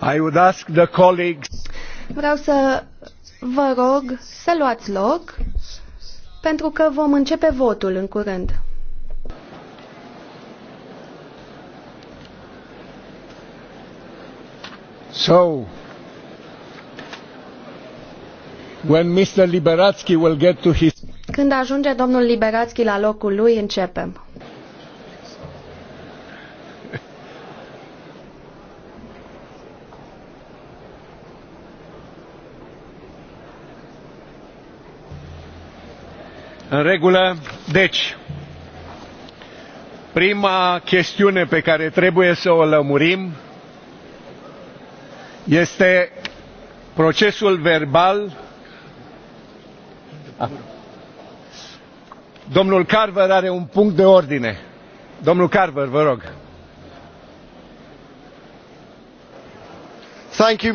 I would ask the colleagues... Vreau să vă rog să luați loc, pentru că vom începe votul în curând. So, when Mr. Liberatsky will get to his... Când ajunge domnul Liberatsky la locul lui, începem. În regulă. Deci, prima chestiune pe care trebuie să o lămurim este procesul verbal. Domnul Carver are un punct de ordine. Domnul Carver, vă rog. Thank you,